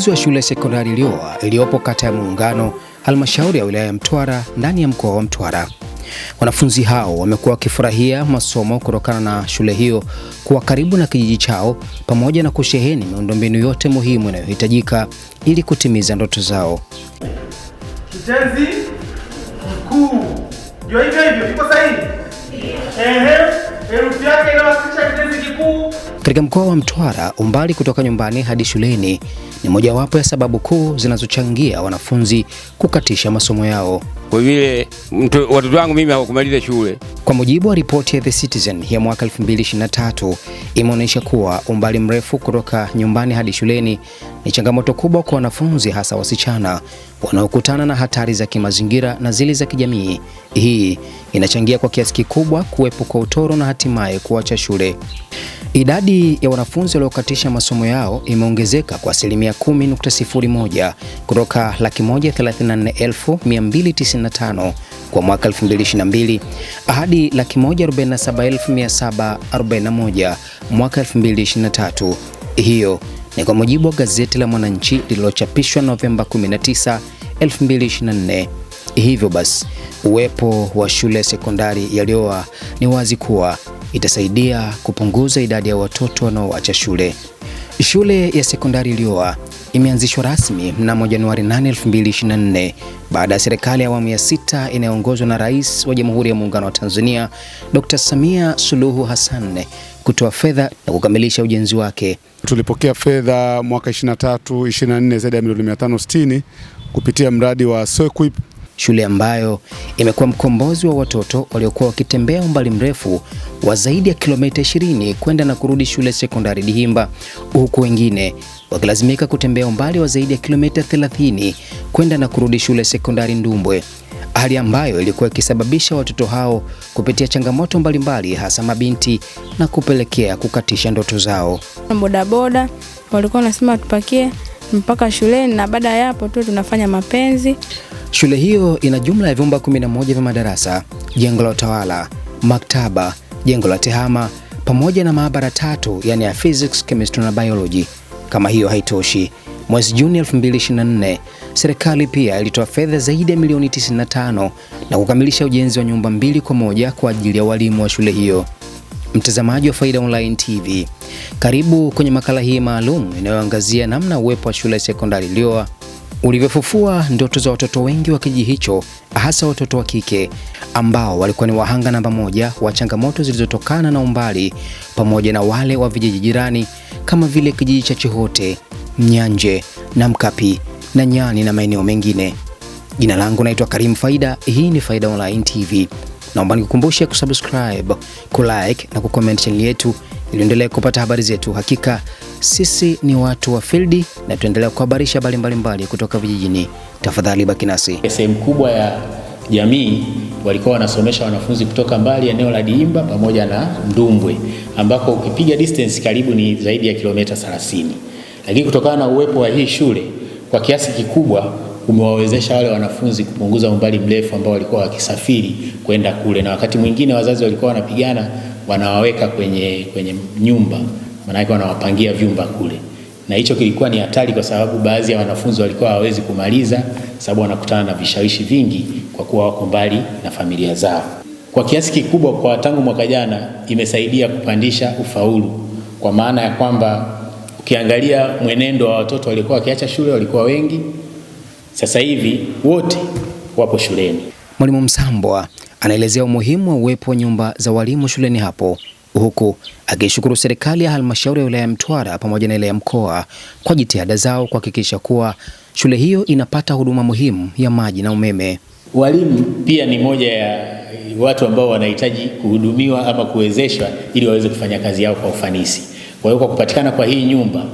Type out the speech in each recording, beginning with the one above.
wanafunzi wa shule sekondari Liuwa iliyopo kata ya Muungano, halmashauri ya wilaya ya Mtwara ndani ya mkoa wa Mtwara. Wanafunzi hao wamekuwa wakifurahia masomo kutokana na shule hiyo kuwa karibu na kijiji chao pamoja na kusheheni miundombinu yote muhimu inayohitajika ili kutimiza ndoto zao. Kitenzi kikuu ndio hivyo hivyo, iko sahihi? Ehe, herufi yake inawakilisha kitenzi kikuu katika mkoa wa Mtwara, umbali kutoka nyumbani hadi shuleni ni mojawapo ya sababu kuu zinazochangia wanafunzi kukatisha masomo yao. Kwa vile watoto wangu mimi hawakumaliza shule. Kwa mujibu wa ripoti ya The Citizen ya mwaka 2023 imeonyesha kuwa umbali mrefu kutoka nyumbani hadi shuleni ni changamoto kubwa kwa wanafunzi, hasa wasichana wanaokutana na hatari za kimazingira na zile za kijamii. Hii inachangia kwa kiasi kikubwa kuwepo kwa utoro na hatimaye kuacha shule. Idadi ya wanafunzi waliokatisha masomo yao imeongezeka kwa asilimia 10.01 kutoka 134,295 kwa mwaka 2022 hadi 147,741 mwaka 2023. Hiyo ni kwa mujibu wa gazeti la Mwananchi lililochapishwa Novemba 19, 2024. Hivyo basi, uwepo wa shule sekondari yaliyoa ni wazi kuwa itasaidia kupunguza idadi ya watoto wanaoacha shule. Shule ya sekondari Iliowa imeanzishwa rasmi mnamo Januari 8, 2024 baada ya serikali ya awamu ya sita inayoongozwa na Rais wa Jamhuri ya Muungano wa Tanzania Dr. Samia Suluhu Hassan kutoa fedha na kukamilisha ujenzi wake. Tulipokea fedha mwaka 23 24 zaidi ya milioni 560 kupitia mradi wa Soequip shule ambayo imekuwa mkombozi wa watoto waliokuwa wakitembea umbali mrefu wa zaidi ya kilomita 20 kwenda na kurudi shule sekondari Dihimba, huku wengine wakilazimika kutembea umbali wa zaidi ya kilomita 30 kwenda na kurudi shule sekondari Ndumbwe, hali ambayo ilikuwa ikisababisha watoto hao kupitia changamoto mbalimbali, hasa mabinti na kupelekea kukatisha ndoto zao. Bodaboda walikuwa wanasema tupakie mpaka shuleni, na baada ya hapo tu tunafanya mapenzi Shule hiyo ina jumla ya vyumba 11 vya madarasa, jengo la utawala, maktaba, jengo la tehama pamoja na maabara tatu, yani ya physics, chemistry na biology. Kama hiyo haitoshi, mwezi Juni 2024 serikali pia ilitoa fedha zaidi ya milioni 95 na kukamilisha ujenzi wa nyumba mbili kwa moja kwa ajili ya walimu wa shule hiyo. Mtazamaji wa Faida Online TV, karibu kwenye makala hii maalum inayoangazia namna uwepo wa shule ya sekondari Lioa ulivyofufua ndoto za watoto wengi wa kijiji hicho, hasa watoto wa kike ambao walikuwa ni wahanga namba moja wa changamoto zilizotokana na umbali, pamoja na wale wa vijiji jirani kama vile kijiji cha Chihote, Mnyanje na Mkapi na Nyani na maeneo mengine. Jina langu naitwa Karim Faida, hii ni Faida Online TV. Naomba nikukumbushe kusubscribe, kulike na kucomment channel yetu ili kupata habari zetu. Hakika sisi ni watu wa fildi na tuendelea kuhabarisha habari mbalimbali kutoka vijijini. Tafadhali baki nasi. Sehemu kubwa ya jamii walikuwa wanasomesha wanafunzi kutoka mbali eneo la Diimba pamoja na Ndumbwe, ambako ukipiga distance karibu ni zaidi ya kilomita 30, lakini kutokana na uwepo wa hii shule kwa kiasi kikubwa umewawezesha wale wanafunzi kupunguza umbali mrefu ambao walikuwa wakisafiri kwenda kule, na wakati mwingine wazazi walikuwa wanapigana, wanawaweka kwenye, kwenye nyumba maanake wanawapangia vyumba kule, na hicho kilikuwa ni hatari, kwa sababu baadhi ya wanafunzi walikuwa hawawezi kumaliza, sababu wanakutana na vishawishi vingi kwa kuwa wako mbali na familia zao. Kwa kiasi kikubwa, kwa tangu mwaka jana imesaidia kupandisha ufaulu, kwa maana ya kwamba ukiangalia mwenendo wa watoto walikuwa wakiacha shule walikuwa wengi, sasa hivi wote wapo shuleni. Mwalimu Msambwa anaelezea umuhimu wa uwepo wa nyumba za walimu shuleni hapo huku akishukuru serikali ya halmashauri ya wilaya ya Mtwara pamoja na ile ya mkoa kwa jitihada zao kuhakikisha kuwa shule hiyo inapata huduma muhimu ya maji na umeme. Walimu pia ni moja ya watu ambao wanahitaji kuhudumiwa ama kuwezeshwa ili waweze kufanya kazi yao kwa ufanisi. Kwa hiyo kwa kupatikana kwa hii nyumba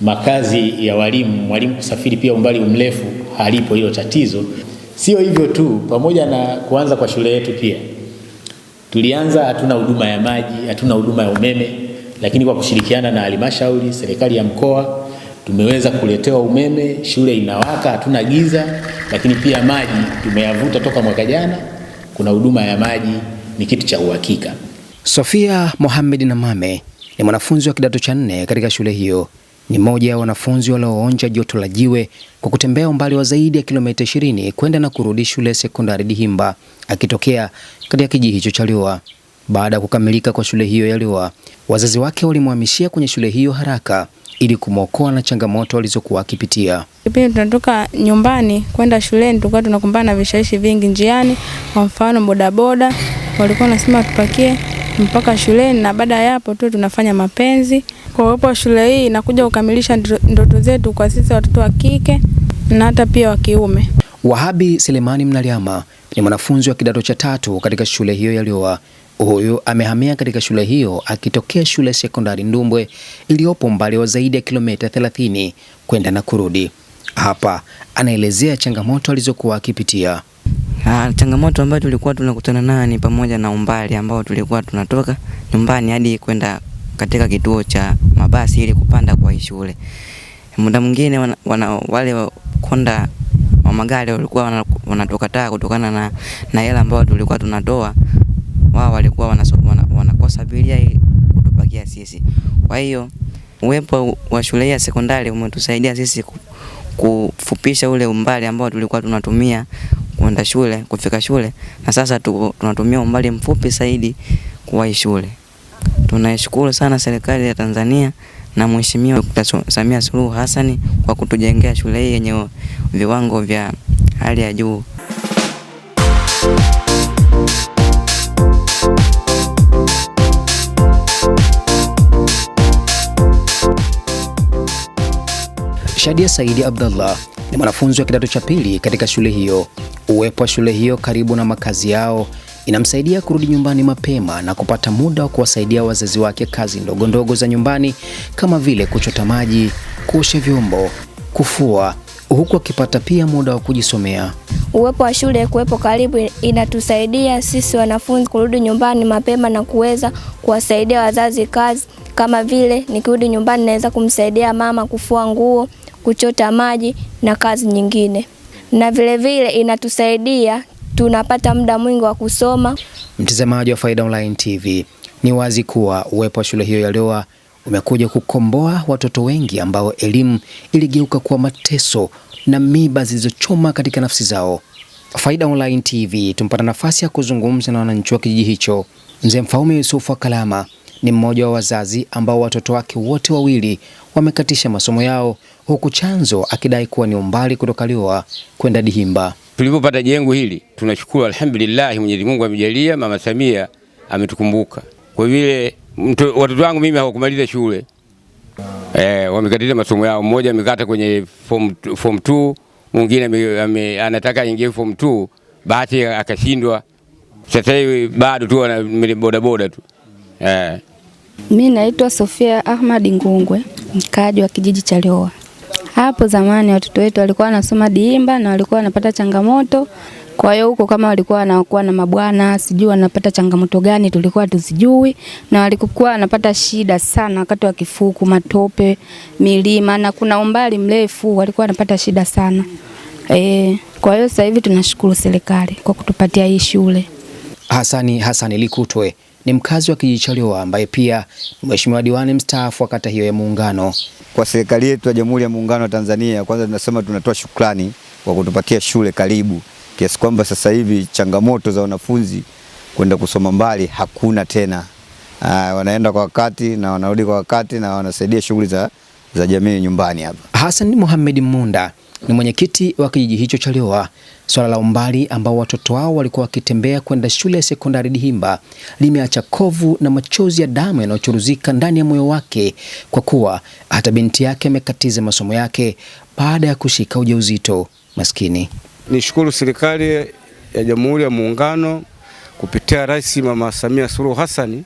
makazi ya walimu, mwalimu kusafiri pia umbali mrefu halipo hilo tatizo. Sio hivyo tu, pamoja na kuanza kwa shule yetu pia Tulianza hatuna huduma ya maji, hatuna huduma ya umeme, lakini kwa kushirikiana na halmashauri, serikali ya mkoa tumeweza kuletewa umeme, shule inawaka, hatuna giza. Lakini pia maji tumeyavuta toka mwaka jana, kuna huduma ya maji, ni kitu cha uhakika. Sofia Mohamed Namame ni mwanafunzi wa kidato cha nne katika shule hiyo ni mmoja ya wanafunzi walioonja joto la jiwe kwa kutembea umbali wa zaidi ya kilomita 20 kwenda na kurudi shule ya sekondari Dihimba akitokea katika kijiji hicho cha Liwa. Baada ya kukamilika kwa shule hiyo ya Liwa, wazazi wake walimhamishia kwenye shule hiyo haraka ili kumwokoa na changamoto alizokuwa akipitia. Kipindi tunatoka nyumbani kwenda shuleni, tulikuwa tunakumbana na vishawishi vingi njiani. Kwa mfano, bodaboda walikuwa wanasema tupakie mpaka shuleni, na baada ya hapo tu tunafanya mapenzi. Kwa uwepo wa shule hii inakuja kukamilisha ndoto zetu kwa sisi watoto wa kike na hata pia wa kiume. Wahabi Selemani Mnaliama ni mwanafunzi wa kidato cha tatu katika shule hiyo ya Lyowa. Huyu amehamia katika shule hiyo akitokea shule ya sekondari Ndumbwe iliyopo mbali wa zaidi ya kilomita 30 kwenda na kurudi. Hapa anaelezea changamoto alizokuwa akipitia. Ah, changamoto ambayo tulikuwa tunakutana nayo ni pamoja na umbali ambao tulikuwa tunatoka nyumbani hadi kwenda katika kituo cha mabasi ili kupanda kwa shule. Muda mwingine wana, wana, wale konda wa magari walikuwa wanatoka taa kutokana na na hela ambayo tulikuwa tunatoa, wao walikuwa wanakosa bilia wana kutupakia sisi. Kwa hiyo uwepo wa shule ya sekondari umetusaidia sisi kufupisha ule umbali ambao tulikuwa tunatumia kwenda shule, kufika shule, na sasa tunatumia umbali mfupi zaidi kuwahi shule. Tunaishukuru sana serikali ya Tanzania na Mheshimiwa Dkt. Samia Suluhu Hassan kwa kutujengea shule hii yenye viwango vya hali ya juu. Shadia Saidi Abdallah ni mwanafunzi wa kidato cha pili katika shule hiyo. Uwepo wa shule hiyo karibu na makazi yao inamsaidia kurudi nyumbani mapema na kupata muda wa kuwasaidia wazazi wake kazi ndogo ndogo za nyumbani kama vile kuchota maji, kuosha vyombo, kufua, huku akipata pia muda wa kujisomea. Uwepo wa shule kuwepo karibu inatusaidia sisi wanafunzi kurudi nyumbani mapema na kuweza kuwasaidia wazazi kazi, kama vile nikirudi nyumbani naweza kumsaidia mama kufua nguo, kuchota maji na kazi nyingine, na vilevile inatusaidia tunapata muda mwingi wa kusoma. Mtazamaji wa Faida Online TV, ni wazi kuwa uwepo wa shule hiyo ya Lowa umekuja kukomboa watoto wengi ambao elimu iligeuka kuwa mateso na miba zilizochoma katika nafsi zao. Faida Online TV tumpata nafasi ya kuzungumza na wananchi wa kijiji hicho, Mzee Mfaume Yusufu wa Kalama ni mmoja wa wazazi ambao watoto wake wote wawili wamekatisha masomo yao, huku chanzo akidai kuwa ni umbali kutoka Liwa kwenda Dihimba. Tulipopata jengo hili tunashukuru, alhamdulillah, Mwenyezi Mungu amejalia, Mama Samia ametukumbuka. Kwa vile watoto wangu mimi hawakumaliza shule eh, wamekatisha masomo yao, mmoja amekata kwenye form 2 mwingine anataka aingie form 2 bahati akashindwa. Sasa hivi bado tu ana bodaboda tu eh. Mi naitwa Sofia Ahmad Ngungwe, mkaaji wa kijiji cha Lioa. Hapo zamani watoto wetu walikuwa wanasoma Diimba na walikuwa wanapata changamoto. Kwa hiyo huko kama walikuwa wanakuwa na mabwana, sijui wanapata changamoto gani, tulikuwa tuzijui, na walikuwa wanapata shida sana wakati wa kifuku, matope, milima na kuna umbali mrefu, walikuwa wanapata shida sana e. Kwa hiyo sasa hivi tunashukuru serikali kwa kutupatia hii shule. Hasani Hasani Likutwe ni mkazi wa kijiji cha Lyowa ambaye pia mheshimiwa diwani mstaafu wa kata hiyo ya Muungano. Kwa serikali yetu ya Jamhuri ya Muungano wa Tanzania, kwanza tunasema tunatoa shukrani kwa kutupatia shule karibu, kiasi kwamba sasa hivi changamoto za wanafunzi kwenda kusoma mbali hakuna tena. Aa, ah, wanaenda kwa wakati na wanarudi kwa wakati na wanasaidia shughuli za, za jamii nyumbani hapa. Hassan Mohamed Munda ni mwenyekiti wa kijiji hicho cha Lyowa. Swala la umbali ambao watoto wao walikuwa wakitembea kwenda shule ya sekondari Dihimba limeacha kovu na machozi ya damu yanayochuruzika ndani ya moyo wake, kwa kuwa hata binti yake amekatiza masomo yake baada ya kushika ujauzito. Maskini. Nishukuru serikali ya Jamhuri ya Muungano kupitia Rais Mama Samia Suluhu hasani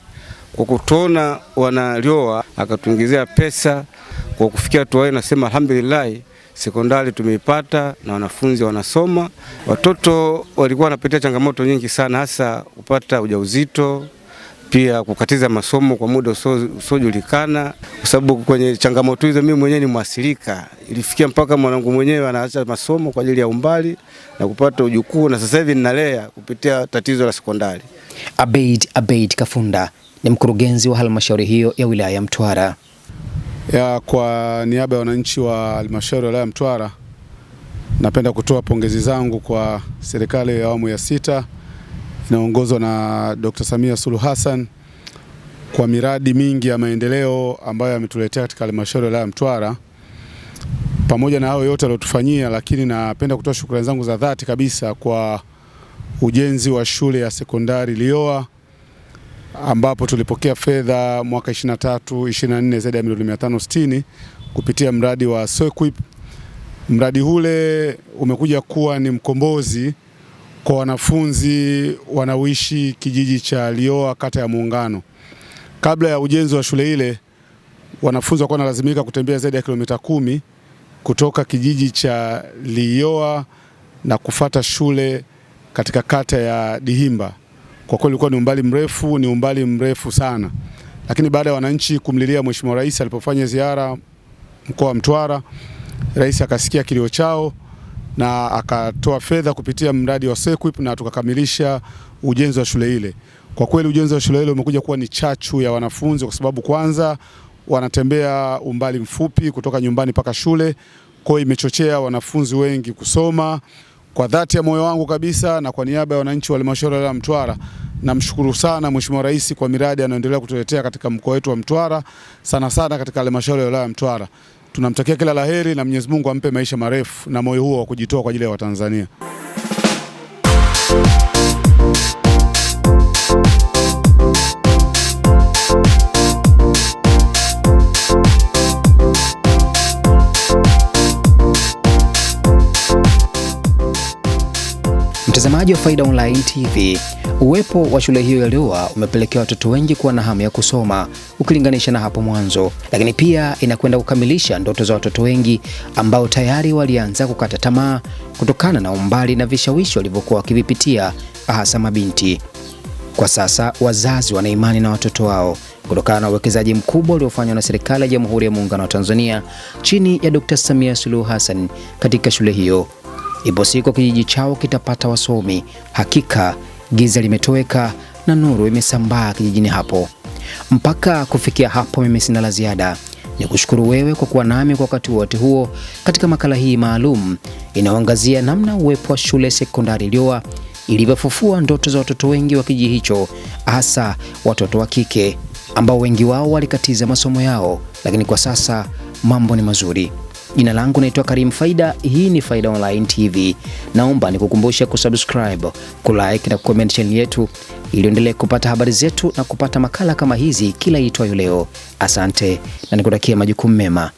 kwa kutuona wana Lyowa, akatuingizia pesa kwa kufikia hatua nasema alhamdulillah sekondari tumeipata na wanafunzi wanasoma. Watoto walikuwa wanapitia changamoto nyingi sana, hasa kupata ujauzito, pia kukatiza masomo kwa muda usiojulikana, kwa sababu kwenye changamoto hizo mimi mwenyewe ni mwasilika. Ilifikia mpaka mwanangu mwenyewe anaacha masomo kwa ajili ya umbali na kupata ujukuu, na sasa hivi ninalea kupitia tatizo la sekondari. Abeid Abeid Kafunda ni mkurugenzi wa halmashauri hiyo ya wilaya ya Mtwara ya kwa niaba ya wananchi wa halmashauri ya wilaya Mtwara, napenda kutoa pongezi zangu kwa serikali ya awamu ya sita inaongozwa na Dr. Samia Suluhu Hassan kwa miradi mingi ya maendeleo ambayo ametuletea katika halmashauri ya wilaya Mtwara. Pamoja na hayo yote aliyotufanyia, lakini napenda kutoa shukrani zangu za dhati kabisa kwa ujenzi wa shule ya sekondari Lioa ambapo tulipokea fedha mwaka 23 24 zaidi ya milioni 560 kupitia mradi wa Soequip. Mradi ule umekuja kuwa ni mkombozi kwa wanafunzi wanaoishi kijiji cha Lioa kata ya Muungano. Kabla ya ujenzi wa shule ile, wanafunzi walikuwa wanalazimika kutembea zaidi ya kilomita kumi kutoka kijiji cha Lioa na kufata shule katika kata ya Dihimba. Kwa kweli ulikuwa ni umbali mrefu, ni umbali mrefu sana, lakini baada ya wananchi kumlilia Mheshimiwa Rais alipofanya ziara mkoa wa Mtwara, Rais akasikia kilio chao na akatoa fedha kupitia mradi wa SEQUIP na tukakamilisha ujenzi wa shule ile. Kwa kweli ujenzi wa shule ile umekuja kuwa ni chachu ya wanafunzi, kwa sababu kwanza wanatembea umbali mfupi kutoka nyumbani mpaka shule, kwa hiyo imechochea wanafunzi wengi kusoma. Kwa dhati ya moyo wangu kabisa na kwa niaba ya wananchi wa halmashauri ya Mtwara namshukuru sana Mheshimiwa Rais kwa miradi anayoendelea kutuletea katika mkoa wetu wa Mtwara, sana sana katika halmashauri ya wilaya ya Mtwara. Tunamtakia kila laheri na Mwenyezi Mungu ampe maisha marefu na moyo huo wa kujitoa kwa ajili ya Watanzania. Mtazamaji wa Faida Online TV, uwepo wa shule hiyo ya Luwa umepelekea watoto wengi kuwa na hamu ya kusoma ukilinganisha na hapo mwanzo, lakini pia inakwenda kukamilisha ndoto za watoto wengi ambao tayari walianza kukata tamaa kutokana na umbali na vishawishi walivyokuwa wakivipitia, hasa mabinti. Kwa sasa wazazi wana imani na watoto wao kutokana na uwekezaji mkubwa uliofanywa na serikali ya Jamhuri ya Muungano wa Tanzania chini ya Dr. Samia Suluhu Hassan katika shule hiyo. Ipo siku kijiji chao kitapata wasomi. Hakika giza limetoweka na nuru imesambaa kijijini hapo. Mpaka kufikia hapo, mimi sina la ziada, ni kushukuru wewe kwa kuwa nami kwa wakati wote huo katika makala hii maalum inayoangazia namna uwepo wa shule sekondari Iliowa ilivyofufua ndoto za watoto wengi wa kijiji hicho, hasa watoto wa kike ambao wengi wao walikatiza masomo yao, lakini kwa sasa mambo ni mazuri. Jina langu naitwa Karim Faida. Hii ni Faida Online TV. Naomba nikukumbushe kusubscribe, kulike na kucomment channel yetu ili uendelee kupata habari zetu na kupata makala kama hizi kila itwayo leo. Asante na nikutakia majukumu mema.